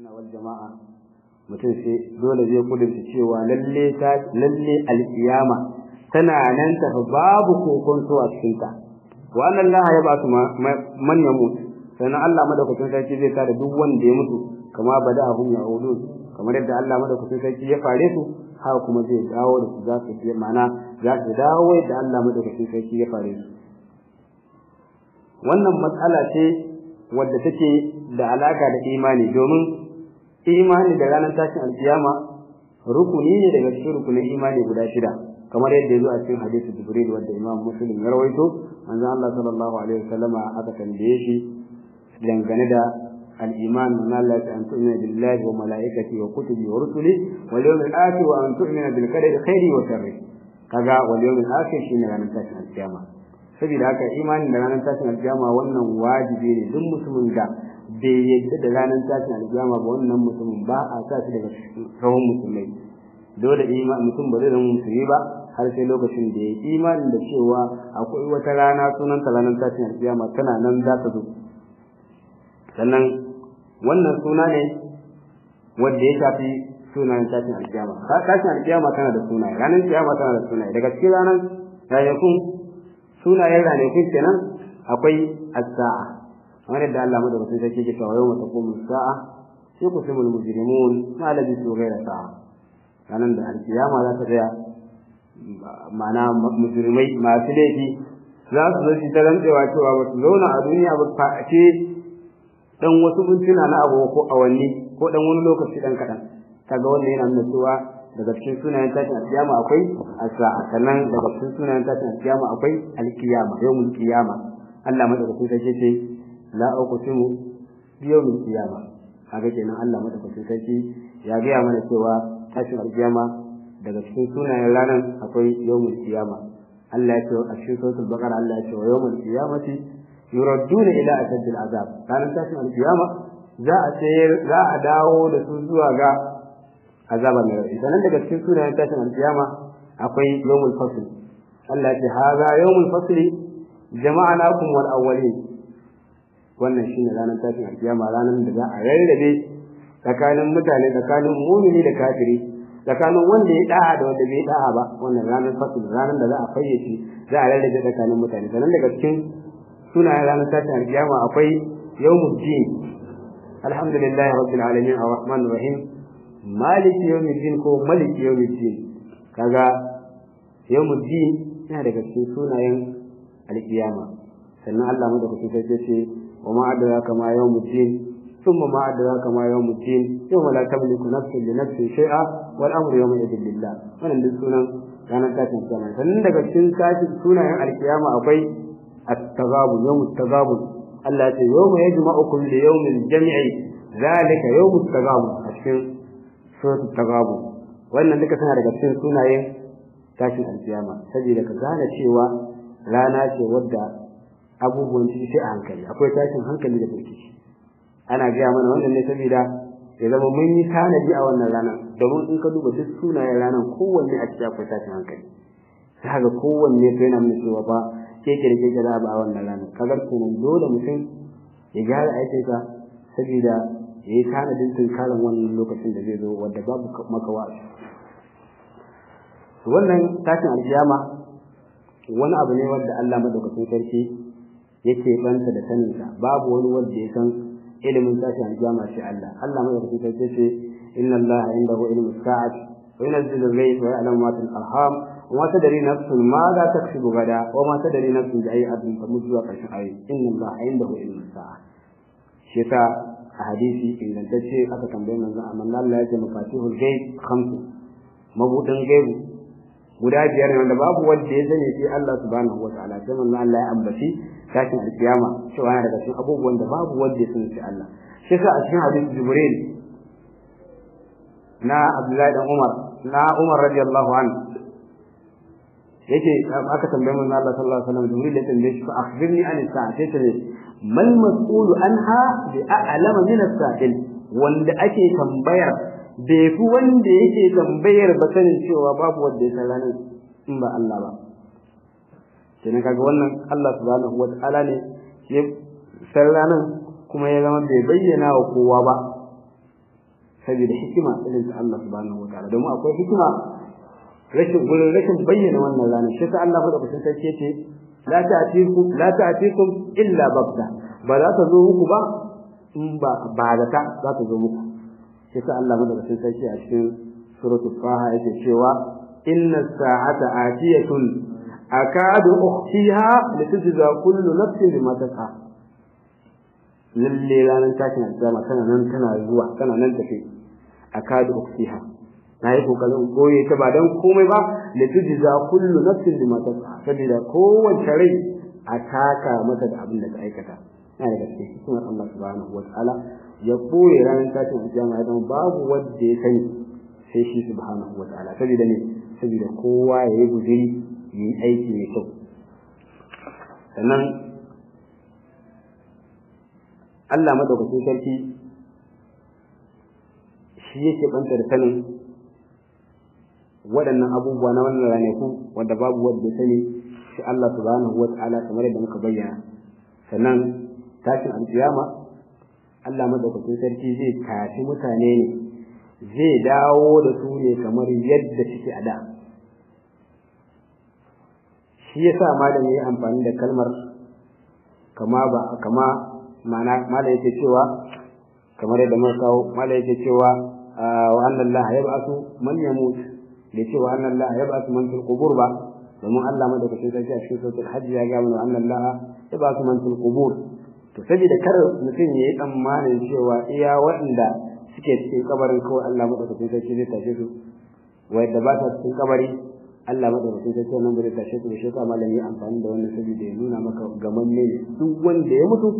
sunna wal jama'a mutum sai dole zai kudurta cewa lalle ta lalle alkiyama tana nan ta babu su a cikin ta wa anna Allah ya ba su man ya mutu sannan Allah madaukakin sarki zai kare duk wanda ya mutu kama bada abun ya aulu kamar yadda Allah madaukakin sarki ya fare su haka kuma zai dawo da su za su ma'ana za su dawo da Allah madaukakin sarki ya fare su wannan matsala ce wadda take da alaka da imani domin imani da ranar tashin alkiyama rukuni ne daga cikin rukunin imani guda shida kamar yadda ya zo a cikin hadisi jibril wanda imam muslim ya rawaito manzo Allah sallallahu alaihi wasallama aka tambaye shi dangane da الإيمان من الله أن تؤمن بالله وملائكته وكتبه ورسله واليوم الآخر وأن تؤمن بالقدر خيره وشره كذا واليوم الآخر شيء ranar tashin القيامة saboda haka imanin da ranar tashin alkiyama wannan wajibi ne duk musulmin da bai yadda da ranar tashin aljama ba wannan mutumin ba a sa shi daga rawan musulmai dole imani mutum ba zai zama musulmi ba har sai lokacin da ya imanin da cewa akwai wata rana sunan ta ranar tashin aljama tana nan za ta zo sannan wannan suna ne wanda ya shafi sunayen tashin alƙiyama tashin aljama tana da sunaye ranar kiyama tana da sunaye daga cikin ranar ranakun sunayen ranakun kenan akwai asa'a kamar yadda Allah madaukakin sarki ke cewa yawma taqumu sa'a yuqsimul mujrimun ma alladhi tughayra sa'a ranar da alkiyama za ta tsaya ma'ana mujrimai masu laifi za su zo shi ta rantsewa cewa ba su zauna a duniya ba ce. dan wasu mintuna na abu ko awanni ko dan wani lokaci dan kadan kaga wannan yana nuna cewa daga cikin sunayen tashin alkiyama akwai asa'a sannan daga cikin sunayen tashin alkiyama akwai alkiyama yawmul qiyama Allah madaukakin sarki ce la uqsimu bi yawmil qiyama kaga kenan Allah madaukakin sarki ya gaya mana cewa tashin alkiyama daga cikin sunayen ranar akwai yawmul qiyama Allah ya ce a cikin suratul baqara Allah ya ce wa yawmul qiyamati yuradduna ila ashaddil azab ranar tashin alkiyama za a ce za a dawo da su zuwa ga azaba mai rai sanan daga cikin sunayen tashin alkiyama akwai yawmul fasl Allah ya ce hadha yawmul fasl jama'anakum wal awwalin wannan shine ranar tashin alkiyama ranar da za a rarrabe tsakanin mutane tsakanin mumini da kafiri tsakanin wanda ya da'a da wanda bai da'a ba wannan ranar fasil ranar da za a fayyace za a rarrabe tsakanin mutane sannan daga cikin sunayen ranar tashin alkiyama akwai yawmuddin alhamdulillahi rabbil alamin arrahmanir rahim maliki jin ko maliki jin kaga jin yana daga cikin sunayen alkiyama sannan Allah madaukakin sarki ce وما أدراك ما يوم الدين ثم ما أدراك ما يوم الدين يوم لا تملك نفس لنفس شيئا والأمر يومئذ لله wannan duk sunan ranar tashin kiyama sannan daga cikin tashin sunayen alkiyama akwai at-tagabun yawm at-tagabun Allah ya ce yawma yajma'ukum li yawm al-jam'i zalika yawm at-tagabun a cikin surat at-tagabun wannan duka suna saboda ka gane cewa rana ce wadda abubuwan ciki sai a hankali akwai tashin hankali da firkici ana gaya mana wannan ne saboda ya zama mun yi tanadi a wannan ranar domin in ka duba duk sunayen ranar kowanne a cikin akwai tashin hankali ta ga kowanne ka yana mun cewa ba ke kekere ba a wannan ranar kagar kuma dole mutum ya gyara aikinsa saboda ya yi tanadin tunkarin wannan lokacin da zai zo wadda babu makawa wannan tashin alkiyama wani abu ne wanda Allah madaukakin sarki yake banta da saninsa babu wani wanda ya san ilimin tashi an kiyama sai Allah Allah mai rubuta sai ce inna Allah indahu ilmus sa'ati wa yunzilu al-ghayth wa ya'lamu ma fil arham wa ma tadri nafsun ma la taksibu gada wa ma tadri nafsun da, ayyi ardin tamut zuwa karshen ayi inna Allah indahu ilmus sa'a shi ta a hadisi ingantacce aka tambaye manzon amma Allah ya ce mafatihul ghaib khamsu mabudin gaibu guda biyar wanda babu wanda ya sani sai Allah subhanahu wataala sai manzo Allah ya ambaci tashin alkiyama cewa yana daga cikin abubuwan da babu wanda ya sani sai Allah shi yasa a cikin hadisi Jibril na Abdullahi dan Umar na Umar radiyallahu anhu yake aka tambaye manzo Allah sallallahu alaihi wasallam Jibril ya tambaye shi fa akhbirni an sa'a sai ce mal mas'ulu anha bi a'lama min as-sa'il wanda ake tambayar bai fi wanda yake tambayar ba sanin cewa babu wanda ya ne in ba Allah ba kenan kaga wannan Allah subhanahu ala ne ya san ranar kuma ya zama bai bayyana wa kowa ba saboda hikima irin ta Allah subhanahu ala. domin akwai hikima rashin gurin rashin bayyana wannan ranar shi ta Allah da kusurta ce ce la ta'tikum la ta'tikum illa babda ba za ta zo muku ba in ba ba za ta zo muku shi sa Allah sun sai a cikin suratul faha yake cewa inna sa'ata atiyatun akadu ukhtiha litujza kullu nafsin bima taqa lalle ranar tashin alƙiyama kana nan tana zuwa tana nan tafi akadu ukhtiha na yi kokarin goye ta ba don komai ba litujza kullu nafsin bima taqa saboda kowace rai a taka mata da abin da ta aikata yana da gaske cikin Allah subhanahu wa ta'ala ya koye ranar tashin kiyama ya zama babu wanda ya sani sai shi subhanahu wa ta'ala saboda ne saboda kowa ya yi gudun ya yi aiki mai kyau sannan Allah madaukakin sarki shi yake banta da sanin waɗannan abubuwa na wannan ranaku wanda babu wanda ya sani shi Allah subhanahu wa ta'ala kamar yadda muka bayyana sannan tashin alkiyama Allah madaukakin sarki zai tashi mutane ne zai dawo da su ne kamar yadda suke a da shi yasa malam ya amfani da kalmar kama ba kama mana malam yake cewa kamar yadda muka kawo malam yake cewa ah, wa anna Allah yab'athu man yamut da cewa anna Allah yab'athu man fil qubur ba domin Allah madaukakin sarki a cikin sautul hajji ya ga mana anna Allah yab'athu man fil qubur to saboda kar mutum ya yi tsammanin cewa iya wanda suke cikin kabarin ko Allah madaukakin sarki zai tashe su da ba ta cikin kabari Allah madaukakin sarki nan bai tashe su shi ka malami amfani da wannan saboda ya nuna maka gamanne ne duk wanda ya mutu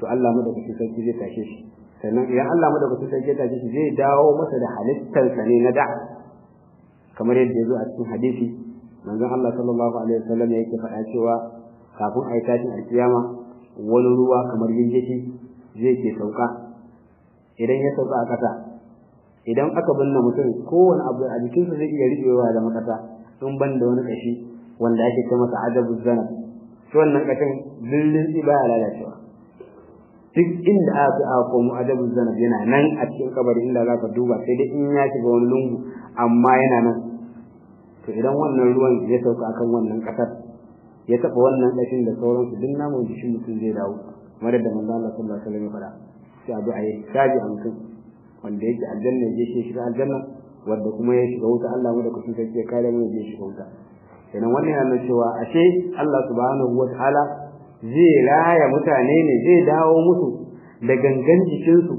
to Allah madaukakin sarki zai tashe shi sannan idan Allah madaukakin sarki ya tashe shi zai dawo masa da sa ne na da kamar yadda ya zo a cikin hadisi manzon Allah sallallahu alaihi wasallam yake faɗa cewa kafin a yi tashin alkiyama wani ruwa kamar yayyafi zai ke sauka idan ya sauka a kasa idan aka binne mutum kowane abu a jikinsa zai iya riɓewa da makasa in ban da wani kashi wanda ake ce masa ajabu zana Su wannan kashin lullun baya baya lalacewa duk inda aka aka komo ajabu zana yana nan a cikin kabari inda za ka duba sai dai in ya shiga wani lungu amma yana nan to idan wannan ruwan ya sauka akan wannan kasar ya taɓa wannan dakin da sauransu din namu jikin mutum zai dawo kamar da manzo Allah sallallahu alaihi wasallam ya faɗa sai abu ayi tabi a mutum wanda yake aljanna ya je shiga aljanna wanda kuma ya shiga wuta Allah mu da kusan sai ya kare mu ya shiga wuta kenan wannan yana cewa ashe Allah subhanahu wataala zai raya mutane ne zai dawo musu da gangan jikinsu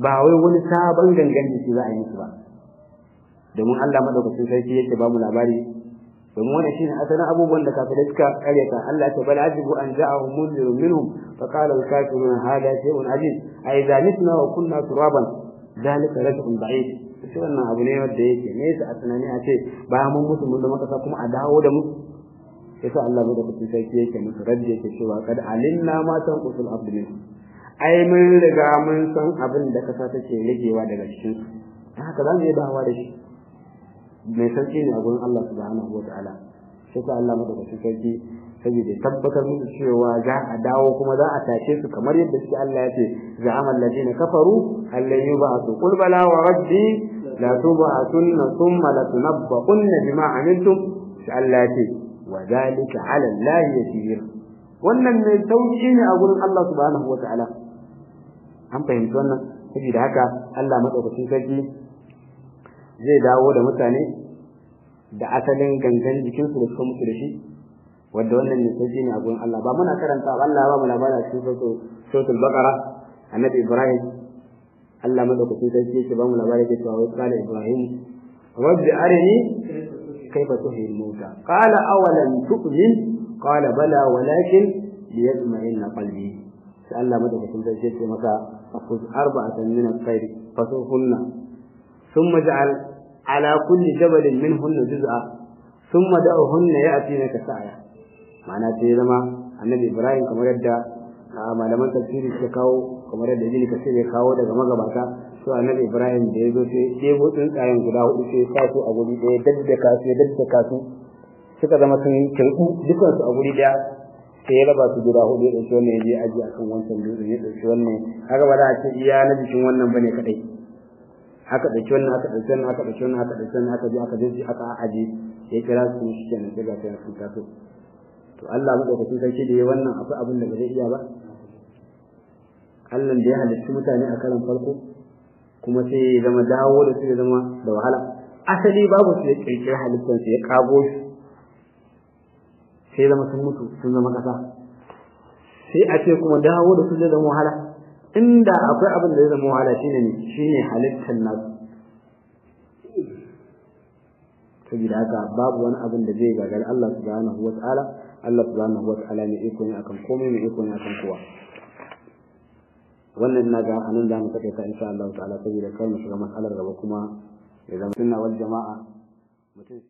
ba wai wani sabon gangan jiki za a yi su ba domin Allah madaukakin sarki yake ba mu labari domin wannan shine asalin abubuwan da kafirai suka ka, Allah ta bala ajibu an ja'ahum munzirun minhum fa qala al-kafiruna hadha shay'un ajiz ay idza mitna wa kunna turaban zalika raj'un da'if shi wannan abu ne wanda yake ne sa a a ce bayan mun mutu mun da makasa kuma a dawo da mu yasa Allah mu da sarki yake musu radda yake cewa kad alinna ma san usul abdin ai mun riga mun san abin da kasa take rigewa daga cikin haka za mu yi dawa da shi mai sauki ne a gurin Allah subhanahu wataala sai ta Allah madaukakin sarki saboda tabbatar musu cewa za a dawo kuma za a tashe su kamar yadda shi Allah ya ce mallaje na kafaru allan yub'athu qul bala wa rabbi la tub'athunna thumma la tunabba'unna bima 'amiltum sai Allah ya ce wa dhalika 'ala Allah yasir wannan mai sauki ne a gurin Allah subhanahu wataala an fahimci wannan saboda haka Allah madaukakin sarki zai dawo da mutane da asalin gangan jikinsu da suka mutu da shi wanda wannan misalci ne a gurin Allah ba muna karanta Allah ba mu labara cikin suratul baqara annabi Ibrahim Allah madaukakin sarki yake ba mu labari yake cewa qala Ibrahim rabbi arini kayfa tuhil mauta qala awalan tu'min qala bala walakin liyatma'inna qalbi sai Allah madaukakin sarki yake maka fuz arba'atan min al-khair fasuhunna ثم اجعل على كل جبل منهن جزءا ثم دعهن يأتينك سعيا معنى سيدما النبي Ibrahim kamar yadda malaman tafsiri suka kawo kamar yadda ka kasir ya kawo daga magabata to annabi ibrahim da ya zo sai ɗebo tsuntsayen guda hudu sai sa su a guri ɗaya daddaka su ya daddaka su suka zama sun kirku dukan su a guri ɗaya sai ya raba su guda hudu ya ɗauki wannan ya je aji akan wancan dutse ya ɗauki wannan haka ba za a ce iya na jikin wannan bane kadai. aka dauki wannan aka dauki wannan aka dauki wannan aka dauki wannan aka je aka je aka aje ya kira su shi kenan sai ga sai sun taso to Allah mu madaukakin shi da yayi wannan akwai abin da zai iya ba Allah da ya halicci mutane a karan farko kuma sai ya zama dawo da su ya zama da wahala asali babu su ya kirkira halittar su ya kago shi sai zama sun mutu sun zama kasa sai a ce kuma dawo da su zai zama wahala inda akwai abin da zai zama wahala shine shine halittar nasu saboda haka babu wani abin da zai gagari Allah subhanahu wata'ala Allah subhanahu wata'ala ne iko ne akan komai ne iko ne akan kowa wannan na ga anan da mu take ta insha Allah ta'ala saboda kai mu shiga mas'alar gaba kuma ya zama sunna wal jama'a mutum